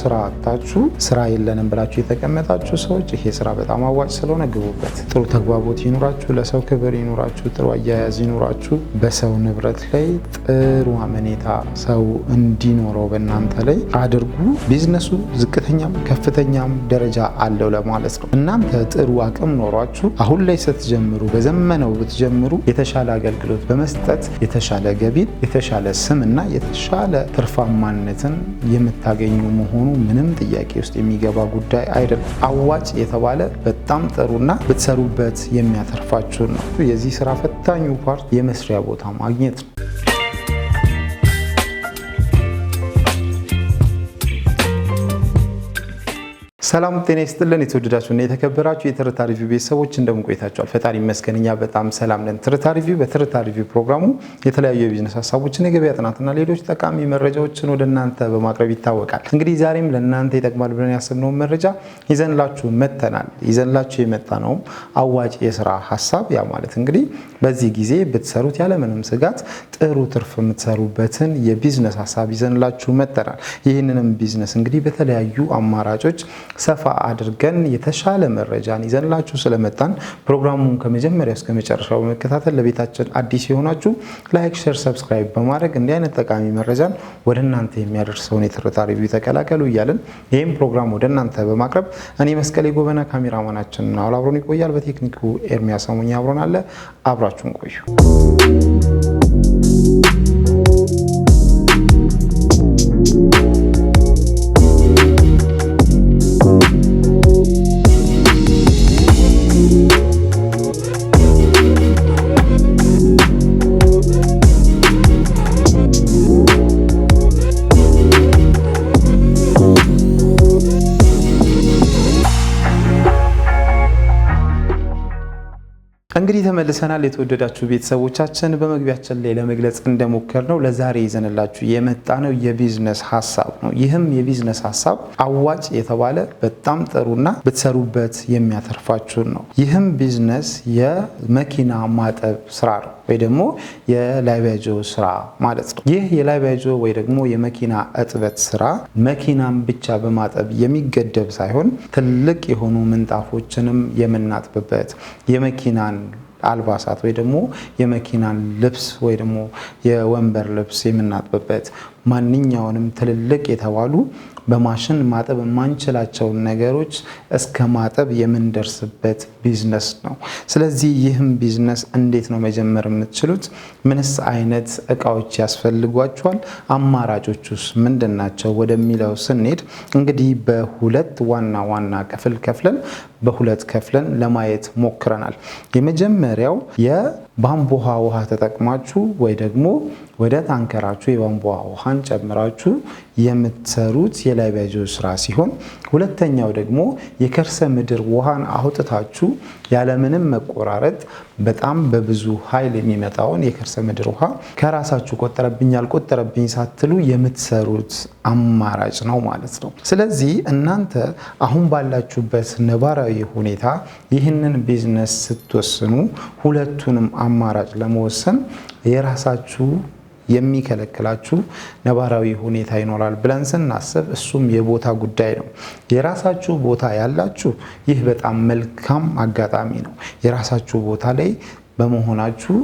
ስራ አጣችሁ ስራ የለንም ብላችሁ የተቀመጣችሁ ሰዎች ይሄ ስራ በጣም አዋጭ ስለሆነ ግቡበት። ጥሩ ተግባቦት ይኑራችሁ፣ ለሰው ክብር ይኑራችሁ፣ ጥሩ አያያዝ ይኑራችሁ። በሰው ንብረት ላይ ጥሩ አመኔታ ሰው እንዲኖረው በእናንተ ላይ አድርጉ። ቢዝነሱ ዝቅተኛም ከፍተኛም ደረጃ አለው ለማለት ነው። እናንተ ጥሩ አቅም ኖሯችሁ አሁን ላይ ስትጀምሩ በዘመነው ብትጀምሩ የተሻለ አገልግሎት በመስጠት የተሻለ ገቢን፣ የተሻለ ስም እና የተሻለ ትርፋማነትን የምታገኙ መሆኑ ምንም ጥያቄ ውስጥ የሚገባ ጉዳይ አይደለም። አዋጭ የተባለ በጣም ጥሩና ብትሰሩበት የሚያተርፋችሁን ነው። የዚህ ስራ ፈታኙ ፓርት የመስሪያ ቦታ ማግኘት ነው። ሰላም ጤና ይስጥልን። የተወደዳችሁ እና የተከበራችሁ የትርታ ሪቪው ቤተሰቦች እንደምን ቆይታችኋል? ፈጣሪ መስገንኛ በጣም ሰላም ነን። ትርታ ሪቪው በትርታ ሪቪው ፕሮግራሙ የተለያዩ የቢዝነስ ሀሳቦችን፣ የገበያ ጥናትና ሌሎች ጠቃሚ መረጃዎችን ወደ እናንተ በማቅረብ ይታወቃል። እንግዲህ ዛሬም ለእናንተ ይጠቅማል ብለን ያሰብነውን መረጃ ይዘንላችሁ መተናል። ይዘንላችሁ የመጣ ነውም አዋጭ የስራ ሀሳብ ያ ማለት እንግዲህ በዚህ ጊዜ ብትሰሩት ያለምንም ስጋት ጥሩ ትርፍ የምትሰሩበትን የቢዝነስ ሀሳብ ይዘንላችሁ መተናል። ይህንንም ቢዝነስ እንግዲህ በተለያዩ አማራጮች ሰፋ አድርገን የተሻለ መረጃን ይዘንላችሁ ስለመጣን ፕሮግራሙን ከመጀመሪያ እስከ መጨረሻው በመከታተል ለቤታችን አዲስ የሆናችሁ ላይክ፣ ሼር፣ ሰብስክራይብ በማድረግ እንዲህ አይነት ጠቃሚ መረጃን ወደ እናንተ የሚያደርሰውን የትርታ ሪቪው ተቀላቀሉ እያልን ይህም ፕሮግራም ወደ እናንተ በማቅረብ እኔ መስቀሌ ጎበና ካሜራማናችን ናውል አብሮን ይቆያል። በቴክኒኩ ኤርሚያ ሰሙኝ አብሮን አለ። አብራችሁን ቆዩ። እንግዲህ ተመልሰናል። የተወደዳችሁ ቤተሰቦቻችን በመግቢያችን ላይ ለመግለጽ እንደሞከር ነው ለዛሬ ይዘንላችሁ የመጣ ነው የቢዝነስ ሀሳብ ነው። ይህም የቢዝነስ ሀሳብ አዋጭ የተባለ በጣም ጥሩና ብትሰሩበት የሚያተርፋችሁን ነው። ይህም ቢዝነስ የመኪና ማጠብ ስራ ነው ወይ ደግሞ የላይባጆ ስራ ማለት ነው። ይህ የላይባጆ ወይ ደግሞ የመኪና እጥበት ስራ መኪናን ብቻ በማጠብ የሚገደብ ሳይሆን ትልቅ የሆኑ ምንጣፎችንም የምናጥብበት የመኪናን አልባሳት ወይ ደግሞ የመኪናን ልብስ ወይ ደግሞ የወንበር ልብስ የምናጥብበት ማንኛውንም ትልልቅ የተባሉ በማሽን ማጠብ የማንችላቸውን ነገሮች እስከ ማጠብ የምንደርስበት ቢዝነስ ነው። ስለዚህ ይህም ቢዝነስ እንዴት ነው መጀመር የምትችሉት? ምንስ አይነት እቃዎች ያስፈልጓቸዋል? አማራጮቹስ ምንድን ናቸው? ወደሚለው ስንሄድ እንግዲህ በሁለት ዋና ዋና ክፍል ከፍለን በሁለት ከፍለን ለማየት ሞክረናል። የመጀመሪያው የቧንቧ ውሃ ተጠቅማችሁ ወይ ደግሞ ወደ ታንከራችሁ የቧንቧ ውሃን ጨምራችሁ የምትሰሩት የላይቢያጆ ስራ ሲሆን ሁለተኛው ደግሞ የከርሰ ምድር ውሃን አውጥታችሁ ያለምንም መቆራረጥ በጣም በብዙ ኃይል የሚመጣውን የከርሰ ምድር ውሃ ከራሳችሁ ቆጠረብኝ ያልቆጠረብኝ ሳትሉ የምትሰሩት አማራጭ ነው ማለት ነው። ስለዚህ እናንተ አሁን ባላችሁበት ነባራዊ ሁኔታ ይህንን ቢዝነስ ስትወስኑ ሁለቱንም አማራጭ ለመወሰን የራሳችሁ የሚከለክላችሁ ነባራዊ ሁኔታ ይኖራል ብለን ስናስብ እሱም የቦታ ጉዳይ ነው። የራሳችሁ ቦታ ያላችሁ ይህ በጣም መልካም አጋጣሚ ነው። የራሳችሁ ቦታ ላይ በመሆናችሁ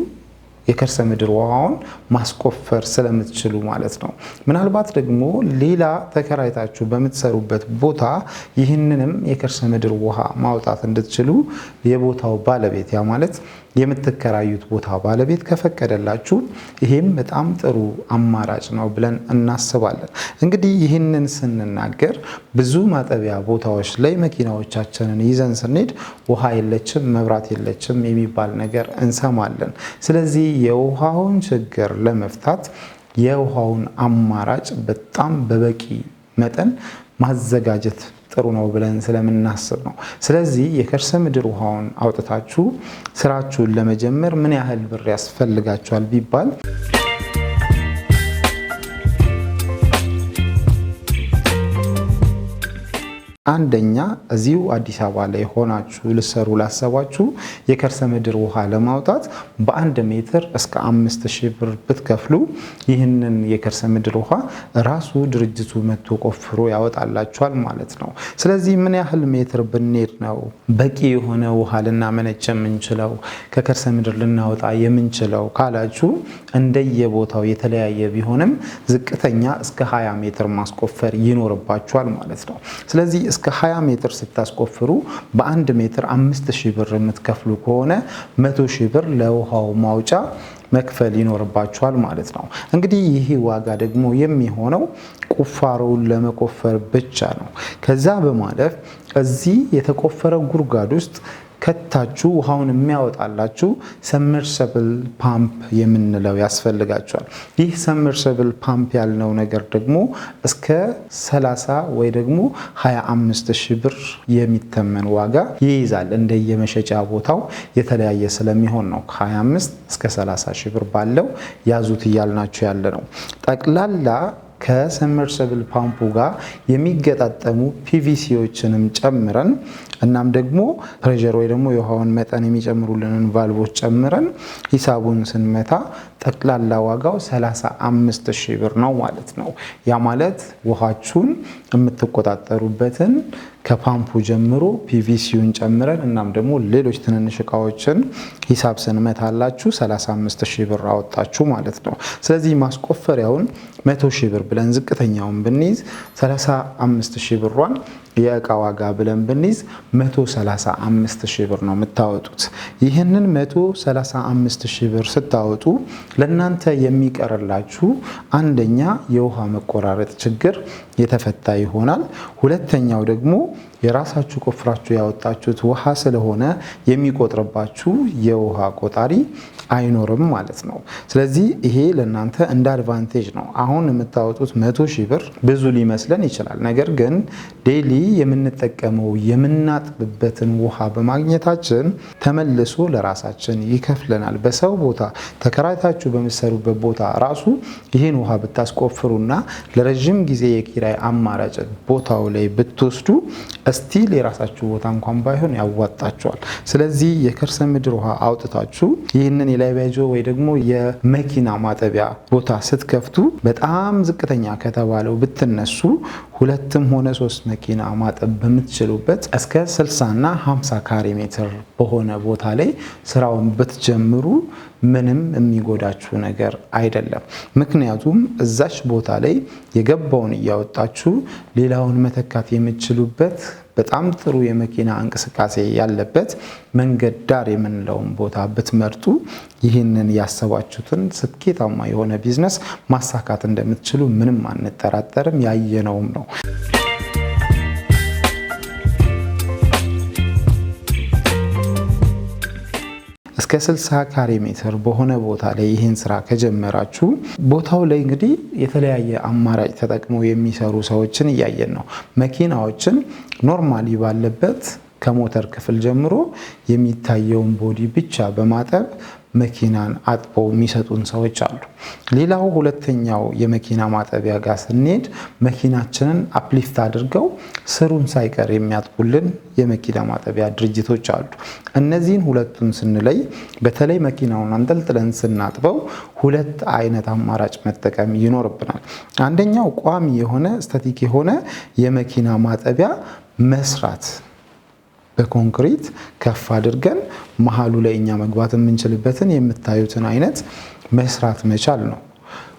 የከርሰ ምድር ውሃውን ማስቆፈር ስለምትችሉ ማለት ነው። ምናልባት ደግሞ ሌላ ተከራይታችሁ በምትሰሩበት ቦታ ይህንንም የከርሰ ምድር ውሃ ማውጣት እንድትችሉ የቦታው ባለቤት ያ ማለት የምትከራዩት ቦታ ባለቤት ከፈቀደላችሁ ይሄም በጣም ጥሩ አማራጭ ነው ብለን እናስባለን። እንግዲህ ይህንን ስንናገር ብዙ ማጠቢያ ቦታዎች ላይ መኪናዎቻችንን ይዘን ስንሄድ ውሃ የለችም፣ መብራት የለችም የሚባል ነገር እንሰማለን። ስለዚህ የውሃውን ችግር ለመፍታት የውሃውን አማራጭ በጣም በበቂ መጠን ማዘጋጀት ጥሩ ነው ብለን ስለምናስብ ነው። ስለዚህ የከርሰ ምድር ውሃውን አውጥታችሁ ስራችሁን ለመጀመር ምን ያህል ብር ያስፈልጋችኋል ቢባል አንደኛ እዚሁ አዲስ አበባ ላይ ሆናችሁ ልሰሩ ላሰባችሁ የከርሰ ምድር ውሃ ለማውጣት በአንድ ሜትር እስከ አምስት ሺህ ብር ብትከፍሉ ይህንን የከርሰ ምድር ውሃ ራሱ ድርጅቱ መቶ ቆፍሮ ያወጣላችኋል ማለት ነው። ስለዚህ ምን ያህል ሜትር ብንሄድ ነው በቂ የሆነ ውሃ ልናመነጭ የምንችለው ከከርሰ ምድር ልናወጣ የምንችለው ካላችሁ እንደየቦታው የተለያየ ቢሆንም ዝቅተኛ እስከ 20 ሜትር ማስቆፈር ይኖርባችኋል ማለት ነው። ስለዚህ እስከ 20 ሜትር ስታስቆፍሩ በአንድ ሜትር አምስት ሺህ ብር የምትከፍሉ ከሆነ 100 ብር ለውሃው ማውጫ መክፈል ይኖርባችኋል ማለት ነው። እንግዲህ ይህ ዋጋ ደግሞ የሚሆነው ቁፋሮውን ለመቆፈር ብቻ ነው። ከዛ በማለፍ እዚህ የተቆፈረ ጉድጓድ ውስጥ ከታችሁ ውሃውን የሚያወጣላችሁ ሰመርሰብል ፓምፕ የምንለው ያስፈልጋቸዋል። ይህ ሰመርሰብል ፓምፕ ያልነው ነገር ደግሞ እስከ 30 ወይ ደግሞ 25 ሺህ ብር የሚተመን ዋጋ ይይዛል። እንደየመሸጫ ቦታው የተለያየ ስለሚሆን ነው። ከ25 እስከ 30 ሺህ ብር ባለው ያዙት እያልናችሁ ያለ ነው። ጠቅላላ ከሰመርሰብል ፓምፑ ጋር የሚገጣጠሙ ፒቪሲዎችንም ጨምረን እናም ደግሞ ፕሬዠር ወይ ደግሞ የውሃውን መጠን የሚጨምሩልንን ቫልቮች ጨምረን ሂሳቡን ስንመታ ጠቅላላ ዋጋው 35 ሺ ብር ነው ማለት ነው። ያ ማለት ውሃችሁን የምትቆጣጠሩበትን ከፓምፑ ጀምሮ ፒቪሲውን ጨምረን እናም ደግሞ ሌሎች ትንንሽ እቃዎችን ሂሳብ ስንመታላችሁ 35 ሺህ ብር አወጣችሁ ማለት ነው። ስለዚህ ማስቆፈሪያውን መቶ ሺህ ብር ብለን ዝቅተኛውን ብንይዝ 35 ሺህ ብሯን የእቃ ዋጋ ብለን ብንይዝ 135 ሺህ ብር ነው የምታወጡት። ይህንን 135 ሺህ ብር ስታወጡ ለእናንተ የሚቀርላችሁ አንደኛ የውሃ መቆራረጥ ችግር የተፈታ ይሆናል። ሁለተኛው ደግሞ የራሳችሁ ቆፍራችሁ ያወጣችሁት ውሃ ስለሆነ የሚቆጥርባችሁ የውሃ ቆጣሪ አይኖርም ማለት ነው። ስለዚህ ይሄ ለእናንተ እንደ አድቫንቴጅ ነው። አሁን የምታወጡት መቶ ሺህ ብር ብዙ ሊመስለን ይችላል። ነገር ግን ዴይሊ የምንጠቀመው የምናጥብበትን ውሃ በማግኘታችን ተመልሶ ለራሳችን ይከፍለናል። በሰው ቦታ ተከራይታችሁ በምትሰሩበት ቦታ ራሱ ይህን ውሃ ብታስቆፍሩና ለረዥም ጊዜ የኪራይ አማራጭ ቦታው ላይ ብትወስዱ እስቲል የራሳችሁ ቦታ እንኳን ባይሆን ያዋጣችኋል። ስለዚህ የከርሰ ምድር ውሃ አውጥታችሁ ይህንን የላይቢያጆ ወይ ደግሞ የመኪና ማጠቢያ ቦታ ስትከፍቱ በጣም ዝቅተኛ ከተባለው ብትነሱ ሁለትም ሆነ ሶስት መኪና ማጠብ በምትችሉበት እስከ 60 እና 50 ካሬ ሜትር በሆነ ቦታ ላይ ስራውን ብትጀምሩ ምንም የሚጎዳችሁ ነገር አይደለም። ምክንያቱም እዛች ቦታ ላይ የገባውን እያወጣችሁ ሌላውን መተካት የምትችሉበት በጣም ጥሩ የመኪና እንቅስቃሴ ያለበት መንገድ ዳር የምንለውን ቦታ ብትመርጡ ይህንን ያሰባችሁትን ስኬታማ የሆነ ቢዝነስ ማሳካት እንደምትችሉ ምንም አንጠራጠርም፣ ያየነውም ነው። እስከ 60 ካሬ ሜትር በሆነ ቦታ ላይ ይህን ስራ ከጀመራችሁ ቦታው ላይ እንግዲህ የተለያየ አማራጭ ተጠቅመው የሚሰሩ ሰዎችን እያየን ነው። መኪናዎችን ኖርማሊ ባለበት ከሞተር ክፍል ጀምሮ የሚታየውን ቦዲ ብቻ በማጠብ መኪናን አጥበው የሚሰጡን ሰዎች አሉ። ሌላው ሁለተኛው የመኪና ማጠቢያ ጋር ስንሄድ መኪናችንን አፕሊፍት አድርገው ስሩን ሳይቀር የሚያጥቡልን የመኪና ማጠቢያ ድርጅቶች አሉ። እነዚህን ሁለቱን ስንለይ በተለይ መኪናውን አንጠልጥለን ስናጥበው ሁለት አይነት አማራጭ መጠቀም ይኖርብናል። አንደኛው ቋሚ የሆነ ስታቲክ የሆነ የመኪና ማጠቢያ መስራት በኮንክሪት ከፍ አድርገን መሀሉ ላይ እኛ መግባት የምንችልበትን የምታዩትን አይነት መስራት መቻል ነው።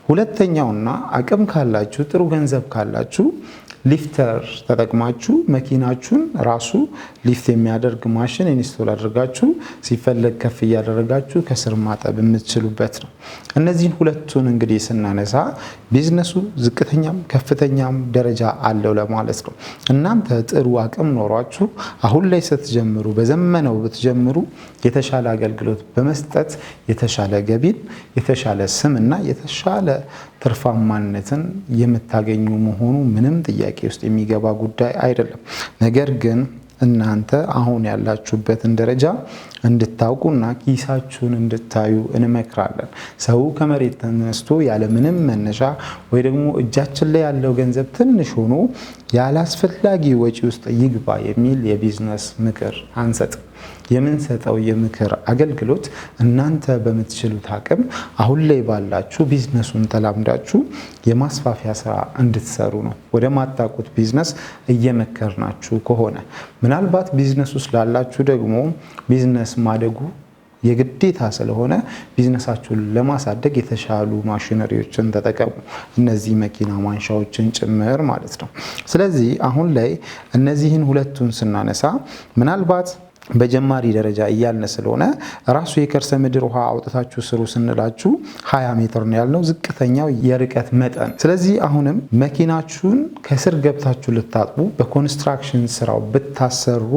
ሁለተኛውና አቅም ካላችሁ ጥሩ ገንዘብ ካላችሁ ሊፍተር ተጠቅማችሁ መኪናችሁን ራሱ ሊፍት የሚያደርግ ማሽን ኢንስቶል አድርጋችሁ ሲፈለግ ከፍ እያደረጋችሁ ከስር ማጠብ የምትችሉበት ነው። እነዚህን ሁለቱን እንግዲህ ስናነሳ ቢዝነሱ ዝቅተኛም ከፍተኛም ደረጃ አለው ለማለት ነው። እናንተ ጥሩ አቅም ኖሯችሁ አሁን ላይ ስትጀምሩ በዘመነው ብትጀምሩ የተሻለ አገልግሎት በመስጠት የተሻለ ገቢን፣ የተሻለ ስም እና የተሻለ ትርፋማነትን የምታገኙ መሆኑ ምንም ጥያቄ ውስጥ የሚገባ ጉዳይ አይደለም። ነገር ግን እናንተ አሁን ያላችሁበትን ደረጃ እንድታውቁና ኪሳችሁን እንድታዩ እንመክራለን። ሰው ከመሬት ተነስቶ ያለምንም መነሻ ወይ ደግሞ እጃችን ላይ ያለው ገንዘብ ትንሽ ሆኖ ያላስፈላጊ ወጪ ውስጥ ይግባ የሚል የቢዝነስ ምክር አንሰጥም። የምንሰጠው የምክር አገልግሎት እናንተ በምትችሉት አቅም አሁን ላይ ባላችሁ ቢዝነሱን ተላምዳችሁ የማስፋፊያ ስራ እንድትሰሩ ነው። ወደ ማታቁት ቢዝነስ እየመከርናችሁ ከሆነ ምናልባት ቢዝነስ ውስጥ ላላችሁ ደግሞ ቢዝነስ ማደጉ የግዴታ ስለሆነ ቢዝነሳችሁን ለማሳደግ የተሻሉ ማሽነሪዎችን ተጠቀሙ። እነዚህ መኪና ማንሻዎችን ጭምር ማለት ነው። ስለዚህ አሁን ላይ እነዚህን ሁለቱን ስናነሳ ምናልባት በጀማሪ ደረጃ እያልን ስለሆነ ራሱ የከርሰ ምድር ውሃ አውጥታችሁ ስሩ ስንላችሁ 20 ሜትር ነው ያልነው ዝቅተኛው የርቀት መጠን። ስለዚህ አሁንም መኪናችሁን ከስር ገብታችሁ ልታጥቡ በኮንስትራክሽን ስራው ብታሰሩ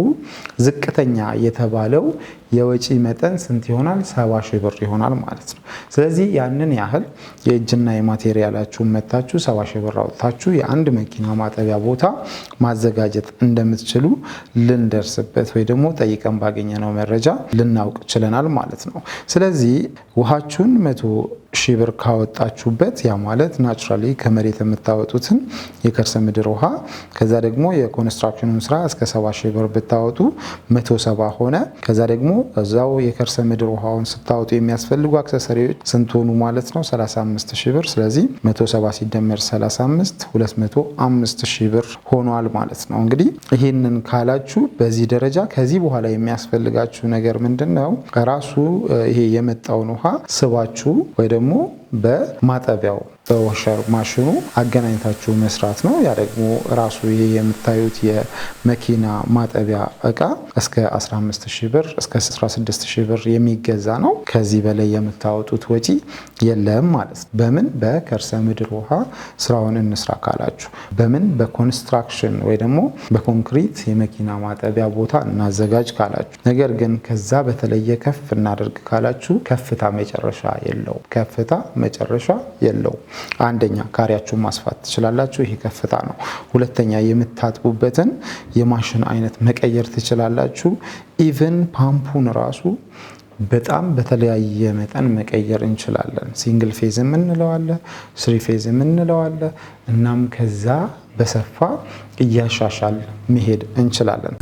ዝቅተኛ የተባለው የወጪ መጠን ስንት ይሆናል? ሰባ ሺህ ብር ይሆናል ማለት ነው። ስለዚህ ያንን ያህል የእጅና የማቴሪያላችሁን መታችሁ ሰባ ሺህ ብር አውጥታችሁ የአንድ መኪና ማጠቢያ ቦታ ማዘጋጀት እንደምትችሉ ልንደርስበት ወይ ደግሞ ጠይቀን ባገኘነው መረጃ ልናውቅ ችለናል ማለት ነው። ስለዚህ ውሃችሁን መቶ ሺህ ብር ካወጣችሁበት ያ ማለት ናቹራሊ ከመሬት የምታወጡትን የከርሰ ምድር ውሃ ከዛ ደግሞ የኮንስትራክሽኑን ስራ እስከ ሰባ ሺህ ብር ብታወጡ መቶ ሰባ ሆነ። ከዛ ደግሞ እዛው የከርሰ ምድር ውሃውን ስታወጡ የሚያስፈልጉ አክሰሰሪዎች ስንት ሆኑ ማለት ነው? 35 ሺህ ብር። ስለዚህ 170 ሲደመር 35 205 ሺህ ብር ሆኗል ማለት ነው። እንግዲህ ይህንን ካላችሁ በዚህ ደረጃ ከዚህ በኋላ የሚያስፈልጋችሁ ነገር ምንድን ነው? ራሱ ይሄ የመጣውን ውሃ ስባችሁ ወይ ደግሞ በማጠቢያው ማሽኑ አገናኝታችሁ መስራት ነው። ያ ደግሞ ራሱ ይሄ የምታዩት የመኪና ማጠቢያ እቃ እስከ 15 ሺህ ብር እስከ 16 ሺ ብር የሚገዛ ነው። ከዚህ በላይ የምታወጡት ወጪ የለም ማለት ነው። በምን በከርሰ ምድር ውሃ ስራውን እንስራ ካላችሁ፣ በምን በኮንስትራክሽን ወይ ደግሞ በኮንክሪት የመኪና ማጠቢያ ቦታ እናዘጋጅ ካላችሁ፣ ነገር ግን ከዛ በተለየ ከፍ እናደርግ ካላችሁ ከፍታ መጨረሻ የለውም። ከፍታ መጨረሻ የለውም። አንደኛ ካሬያችሁን ማስፋት ትችላላችሁ። ይሄ ከፍታ ነው። ሁለተኛ የምታጥቡበትን የማሽን አይነት መቀየር ትችላላችሁ። ኢቨን ፓምፑን ራሱ በጣም በተለያየ መጠን መቀየር እንችላለን። ሲንግል ፌዝ የምንለዋለ፣ ስሪ ፌዝ የምንለዋለ። እናም ከዛ በሰፋ እያሻሻል መሄድ እንችላለን።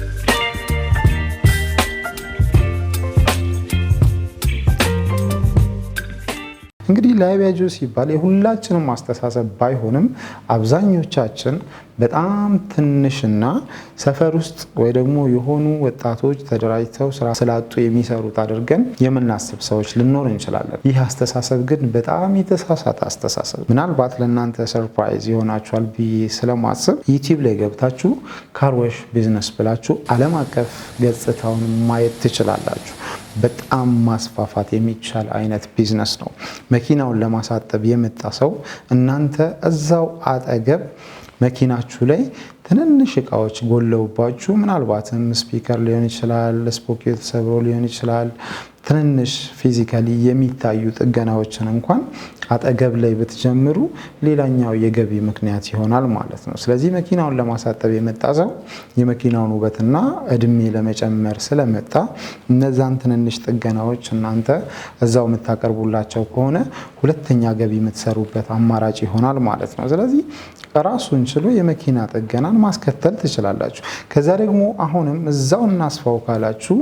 ላይቢያጆ ሲባል የሁላችንም አስተሳሰብ ባይሆንም አብዛኞቻችን በጣም ትንሽና ሰፈር ውስጥ ወይ ደግሞ የሆኑ ወጣቶች ተደራጅተው ስራ ስላጡ የሚሰሩት አድርገን የምናስብ ሰዎች ልኖር እንችላለን። ይህ አስተሳሰብ ግን በጣም የተሳሳተ አስተሳሰብ። ምናልባት ለእናንተ ሰርፕራይዝ ይሆናችኋል ብዬ ስለማስብ ዩቲዩብ ላይ ገብታችሁ ካርወሽ ቢዝነስ ብላችሁ ዓለም አቀፍ ገጽታውን ማየት ትችላላችሁ። በጣም ማስፋፋት የሚቻል አይነት ቢዝነስ ነው። መኪናውን ለማሳጠብ የመጣ ሰው እናንተ እዛው አጠገብ መኪናችሁ ላይ ትንንሽ እቃዎች ጎለውባችሁ ምናልባትም ስፒከር ሊሆን ይችላል፣ ስፖኬት ሰብሮ ሊሆን ይችላል። ትንንሽ ፊዚካሊ የሚታዩ ጥገናዎችን እንኳን አጠገብ ላይ ብትጀምሩ ሌላኛው የገቢ ምክንያት ይሆናል ማለት ነው። ስለዚህ መኪናውን ለማሳጠብ የመጣ ሰው የመኪናውን ውበትና እድሜ ለመጨመር ስለመጣ እነዛን ትንንሽ ጥገናዎች እናንተ እዛው የምታቀርቡላቸው ከሆነ ሁለተኛ ገቢ የምትሰሩበት አማራጭ ይሆናል ማለት ነው። ስለዚህ ራሱን ችሎ የመኪና ጥገናን ማስከተል ትችላላችሁ። ከዛ ደግሞ አሁንም እዛው እናስፋው ካላችሁ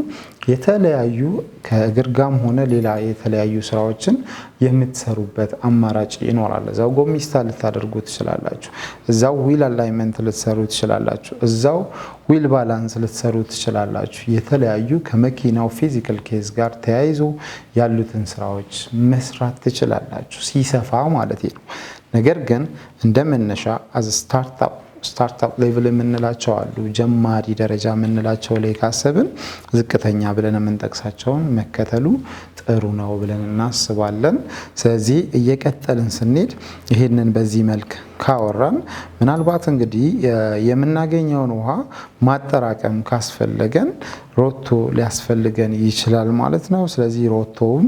የተለያዩ ከእግር ጋም ሆነ ሌላ የተለያዩ ስራዎችን የምትሰሩበት አማራጭ ይኖራል። እዛው ጎሚስታ ልታደርጉ ትችላላችሁ። እዛው ዊል አላይመንት ልትሰሩ ትችላላችሁ። እዛው ዊል ባላንስ ልትሰሩ ትችላላችሁ። የተለያዩ ከመኪናው ፊዚካል ኬዝ ጋር ተያይዞ ያሉትን ስራዎች መስራት ትችላላችሁ፣ ሲሰፋ ማለት ነው። ነገር ግን እንደ መነሻ አዝ ስታርታፕ ስታርታፕ ሌቭል የምንላቸው አሉ። ጀማሪ ደረጃ የምንላቸው ላይ ካሰብን ዝቅተኛ ብለን የምንጠቅሳቸውን መከተሉ ጥሩ ነው ብለን እናስባለን። ስለዚህ እየቀጠልን ስንሄድ ይህንን በዚህ መልክ ካወራን ምናልባት እንግዲህ የምናገኘውን ውሃ ማጠራቀም ካስፈለገን ሮቶ ሊያስፈልገን ይችላል ማለት ነው። ስለዚህ ሮቶውም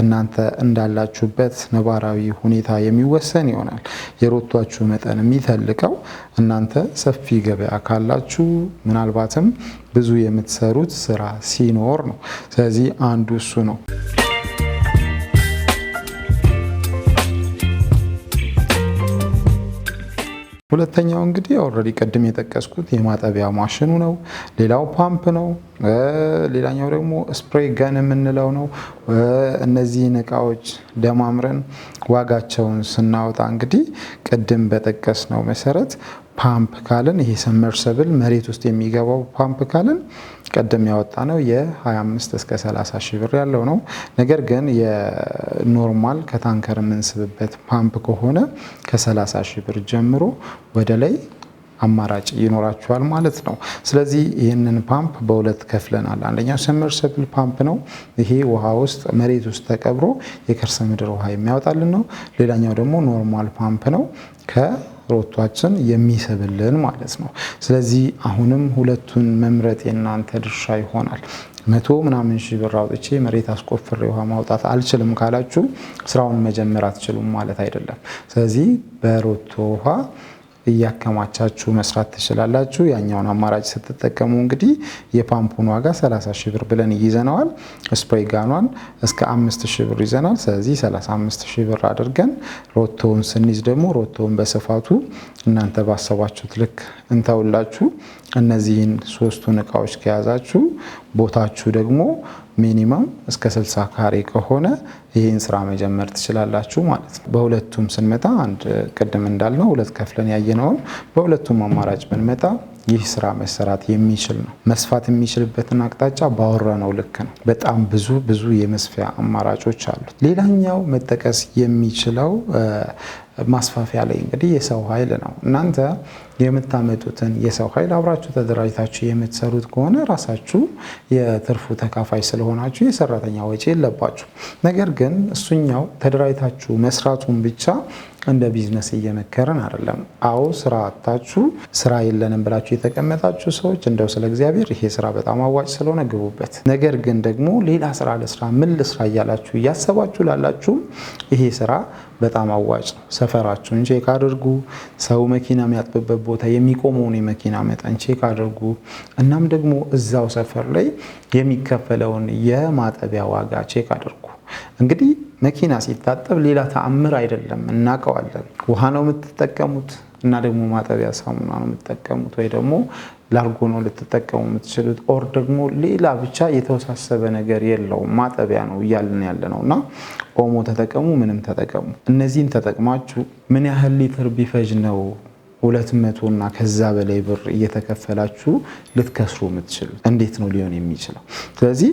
እናንተ እንዳላችሁበት ነባራዊ ሁኔታ የሚወሰን ይሆናል። የሮቶችሁ መጠን የሚተልቀው እናንተ ሰፊ ገበያ ካላችሁ፣ ምናልባትም ብዙ የምትሰሩት ስራ ሲኖር ነው። ስለዚህ አንዱ እሱ ነው። ሁለተኛው እንግዲህ ኦልሬዲ ቅድም የጠቀስኩት የማጠቢያ ማሽኑ ነው። ሌላው ፓምፕ ነው። ሌላኛው ደግሞ ስፕሬይ ገን የምንለው ነው። እነዚህን እቃዎች ደማምረን ዋጋቸውን ስናወጣ እንግዲህ ቅድም በጠቀስ ነው መሰረት ፓምፕ ካልን ይሄ ሰመርሰብል መሬት ውስጥ የሚገባው ፓምፕ ካልን ቀደም ያወጣ ነው የ25 እስከ 30 ሺህ ብር ያለው ነው። ነገር ግን የኖርማል ከታንከር የምንስብበት ፓምፕ ከሆነ ከ30 ሺህ ብር ጀምሮ ወደ ላይ አማራጭ ይኖራችኋል ማለት ነው። ስለዚህ ይህንን ፓምፕ በሁለት ከፍለናል። አንደኛው ሰመርሰብል ፓምፕ ነው። ይሄ ውሃ ውስጥ መሬት ውስጥ ተቀብሮ የከርሰ ምድር ውሃ የሚያወጣልን ነው። ሌላኛው ደግሞ ኖርማል ፓምፕ ነው ከ ሮቷችን የሚስብልን ማለት ነው። ስለዚህ አሁንም ሁለቱን መምረጥ የእናንተ ድርሻ ይሆናል። መቶ ምናምን ሺህ ብር አውጥቼ መሬት አስቆፍሬ ውሃ ማውጣት አልችልም ካላችሁ ስራውን መጀመር አትችሉም ማለት አይደለም። ስለዚህ በሮቶ ውሃ እያከማቻችሁ መስራት ትችላላችሁ። ያኛውን አማራጭ ስትጠቀሙ እንግዲህ የፓምፑን ዋጋ 30 ሺህ ብር ብለን ይዘነዋል። ስፕሬይ ጋኗን እስከ 5 ሺ ብር ይዘናል። ስለዚህ 35 ብር አድርገን ሮቶውን ስንይዝ ደግሞ ሮቶውን በስፋቱ እናንተ ባሰባችሁት ልክ እንተውላችሁ። እነዚህን ሶስቱን እቃዎች ከያዛችሁ ቦታችሁ ደግሞ ሚኒመም እስከ 60 ካሬ ከሆነ ይህን ስራ መጀመር ትችላላችሁ ማለት ነው። በሁለቱም ስንመጣ አንድ ቅድም እንዳልነው ሁለት ከፍለን ያየነውን በሁለቱም አማራጭ ብንመጣ ይህ ስራ መሰራት የሚችል ነው። መስፋት የሚችልበትን አቅጣጫ ባወራነው ልክ ነው። በጣም ብዙ ብዙ የመስፊያ አማራጮች አሉት። ሌላኛው መጠቀስ የሚችለው ማስፋፊያ ላይ እንግዲህ የሰው ኃይል ነው። እናንተ የምታመጡትን የሰው ኃይል አብራችሁ ተደራጅታችሁ የምትሰሩት ከሆነ ራሳችሁ የትርፉ ተካፋይ ስለሆናችሁ የሰራተኛ ወጪ የለባችሁ። ነገር ግን እሱኛው ተደራጅታችሁ መስራቱን ብቻ እንደ ቢዝነስ እየመከረን አይደለም። አዎ ስራ አታችሁ ስራ የለንም ብላችሁ የተቀመጣችሁ ሰዎች እንደው ስለ እግዚአብሔር ይሄ ስራ በጣም አዋጭ ስለሆነ ግቡበት። ነገር ግን ደግሞ ሌላ ስራ ለስራ ምን ልስራ እያላችሁ እያሰባችሁ ላላችሁ ይሄ ስራ በጣም አዋጭ ነው። ሰፈራችሁን ቼክ አድርጉ። ሰው መኪና የሚያጥብበት ቦታ የሚቆመውን የመኪና መጠን ቼክ አድርጉ። እናም ደግሞ እዛው ሰፈር ላይ የሚከፈለውን የማጠቢያ ዋጋ ቼክ አድርጉ። እንግዲህ መኪና ሲታጠብ ሌላ ተአምር አይደለም፣ እናውቀዋለን። ውሃ ነው የምትጠቀሙት እና ደግሞ ማጠቢያ ሳሙና ነው የምትጠቀሙት ወይ ደግሞ ላርጎ ነው ልትጠቀሙ የምትችሉት ኦር ደግሞ ሌላ ብቻ የተወሳሰበ ነገር የለውም። ማጠቢያ ነው እያልን ያለ ነው እና ኦሞ ተጠቀሙ፣ ምንም ተጠቀሙ። እነዚህን ተጠቅማችሁ ምን ያህል ሊትር ቢፈጅ ነው ሁለት መቶ እና ከዛ በላይ ብር እየተከፈላችሁ ልትከስሩ የምትችሉ እንዴት ነው ሊሆን የሚችለው? ስለዚህ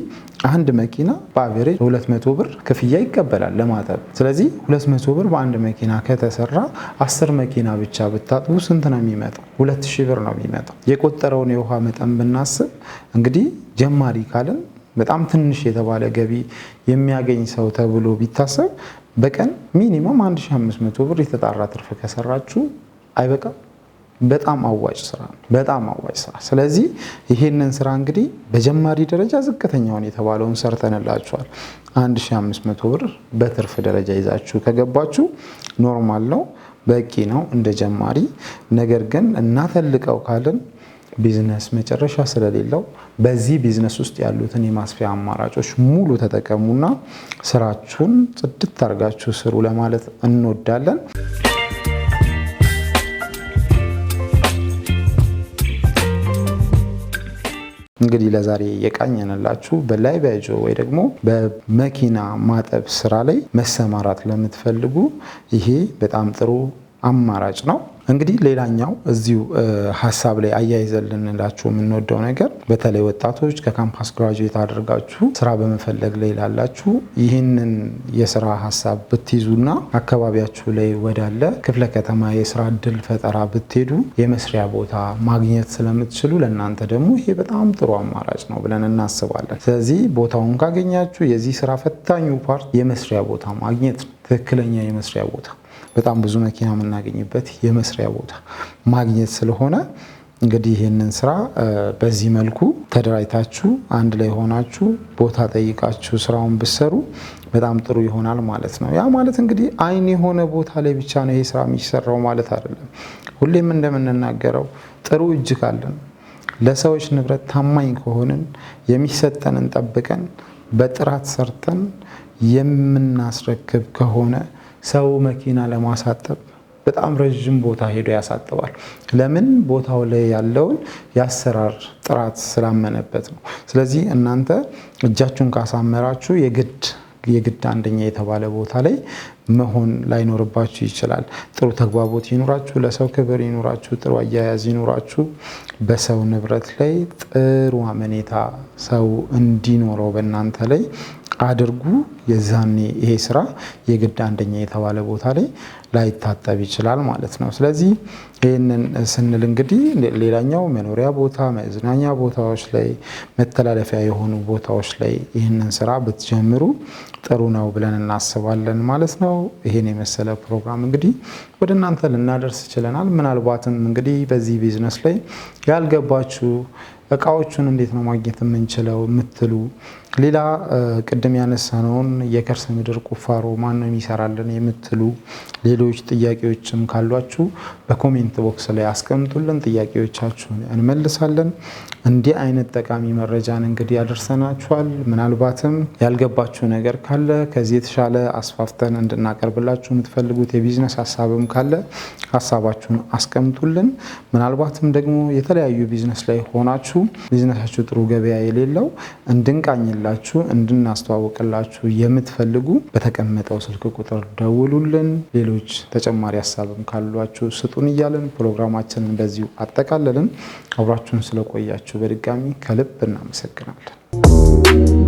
አንድ መኪና በአቬሬጅ ሁለት መቶ ብር ክፍያ ይቀበላል ለማጠብ። ስለዚህ ሁለት መቶ ብር በአንድ መኪና ከተሰራ አስር መኪና ብቻ ብታጥቡ ስንት ነው የሚመጣው? ሁለት ሺህ ብር ነው የሚመጣው። የቆጠረውን የውሃ መጠን ብናስብ እንግዲህ ጀማሪ ካልን በጣም ትንሽ የተባለ ገቢ የሚያገኝ ሰው ተብሎ ቢታሰብ በቀን ሚኒመም 1500 ብር የተጣራ ትርፍ ከሰራችሁ አይበቃም? በጣም አዋጭ ስራ ነው። በጣም አዋጭ ስራ። ስለዚህ ይሄንን ስራ እንግዲህ በጀማሪ ደረጃ ዝቅተኛውን የተባለውን ሰርተንላችኋል። 1500 ብር በትርፍ ደረጃ ይዛችሁ ከገባችሁ ኖርማል ነው፣ በቂ ነው እንደ ጀማሪ። ነገር ግን እናተልቀው ካልን ቢዝነስ መጨረሻ ስለሌለው በዚህ ቢዝነስ ውስጥ ያሉትን የማስፊያ አማራጮች ሙሉ ተጠቀሙና ስራችሁን ጽድት አድርጋችሁ ስሩ ለማለት እንወዳለን። እንግዲህ ለዛሬ የቃኘንላችሁ በላይ በላይቢያጆ ወይ ደግሞ በመኪና ማጠብ ስራ ላይ መሰማራት ለምትፈልጉ ይሄ በጣም ጥሩ አማራጭ ነው። እንግዲህ ሌላኛው እዚሁ ሀሳብ ላይ አያይዘን ልንላችሁ የምንወደው ነገር በተለይ ወጣቶች ከካምፓስ ግራጁዌት አድርጋችሁ ስራ በመፈለግ ላይ ላላችሁ ይህንን የስራ ሀሳብ ብትይዙና አካባቢያችሁ ላይ ወዳለ ክፍለ ከተማ የስራ እድል ፈጠራ ብትሄዱ የመስሪያ ቦታ ማግኘት ስለምትችሉ ለእናንተ ደግሞ ይሄ በጣም ጥሩ አማራጭ ነው ብለን እናስባለን። ስለዚህ ቦታውን ካገኛችሁ የዚህ ስራ ፈታኙ ፓርት የመስሪያ ቦታ ማግኘት ነው፣ ትክክለኛ የመስሪያ ቦታ በጣም ብዙ መኪና የምናገኝበት የመስሪያ ቦታ ማግኘት ስለሆነ እንግዲህ ይህንን ስራ በዚህ መልኩ ተደራጅታችሁ አንድ ላይ ሆናችሁ ቦታ ጠይቃችሁ ስራውን ብሰሩ በጣም ጥሩ ይሆናል ማለት ነው። ያ ማለት እንግዲህ አይን የሆነ ቦታ ላይ ብቻ ነው ይሄ ስራ የሚሰራው ማለት አይደለም። ሁሌም እንደምንናገረው ጥሩ እጅ ካለን፣ ለሰዎች ንብረት ታማኝ ከሆንን፣ የሚሰጠንን ጠብቀን በጥራት ሰርተን የምናስረክብ ከሆነ ሰው መኪና ለማሳጠብ በጣም ረዥም ቦታ ሄዶ ያሳጥባል። ለምን? ቦታው ላይ ያለውን የአሰራር ጥራት ስላመነበት ነው። ስለዚህ እናንተ እጃችሁን ካሳመራችሁ የግድ የግድ አንደኛ የተባለ ቦታ ላይ መሆን ላይኖርባችሁ ይችላል። ጥሩ ተግባቦት ይኑራችሁ፣ ለሰው ክብር ይኑራችሁ፣ ጥሩ አያያዝ ይኑራችሁ። በሰው ንብረት ላይ ጥሩ አመኔታ ሰው እንዲኖረው በእናንተ ላይ አድርጉ። የዛኔ ይሄ ስራ የግድ አንደኛ የተባለ ቦታ ላይ ላይታጠብ ይችላል ማለት ነው። ስለዚህ ይህንን ስንል እንግዲህ ሌላኛው መኖሪያ ቦታ፣ መዝናኛ ቦታዎች ላይ፣ መተላለፊያ የሆኑ ቦታዎች ላይ ይህንን ስራ ብትጀምሩ ጥሩ ነው ብለን እናስባለን ማለት ነው። ይህን የመሰለ ፕሮግራም እንግዲህ ወደ እናንተ ልናደርስ ችለናል። ምናልባትም እንግዲህ በዚህ ቢዝነስ ላይ ያልገባችሁ እቃዎቹን እንዴት ነው ማግኘት የምንችለው የምትሉ ሌላ ቅድም ያነሳነውን የከርሰ ምድር ቁፋሮ ማን ነው የሚሰራልን የምትሉ ሌሎች ጥያቄዎችም ካሏችሁ በኮሜንት ቦክስ ላይ አስቀምጡልን፣ ጥያቄዎቻችሁን እንመልሳለን። እንዲህ አይነት ጠቃሚ መረጃን እንግዲህ ያደርሰናችኋል። ምናልባትም ያልገባችሁ ነገር ካለ ከዚህ የተሻለ አስፋፍተን እንድናቀርብላችሁ የምትፈልጉት የቢዝነስ ሀሳብም ካለ ሀሳባችሁን አስቀምጡልን። ምናልባትም ደግሞ የተለያዩ ቢዝነስ ላይ ሆናችሁ ቢዝነሳችሁ ጥሩ ገበያ የሌለው እንድንቃኝል አድርገንላችሁ እንድናስተዋውቅላችሁ የምትፈልጉ በተቀመጠው ስልክ ቁጥር ደውሉልን። ሌሎች ተጨማሪ ሀሳብም ካሏችሁ ስጡን እያለን ፕሮግራማችንን በዚሁ አጠቃለልን። አብራችሁን ስለቆያችሁ በድጋሚ ከልብ እናመሰግናለን።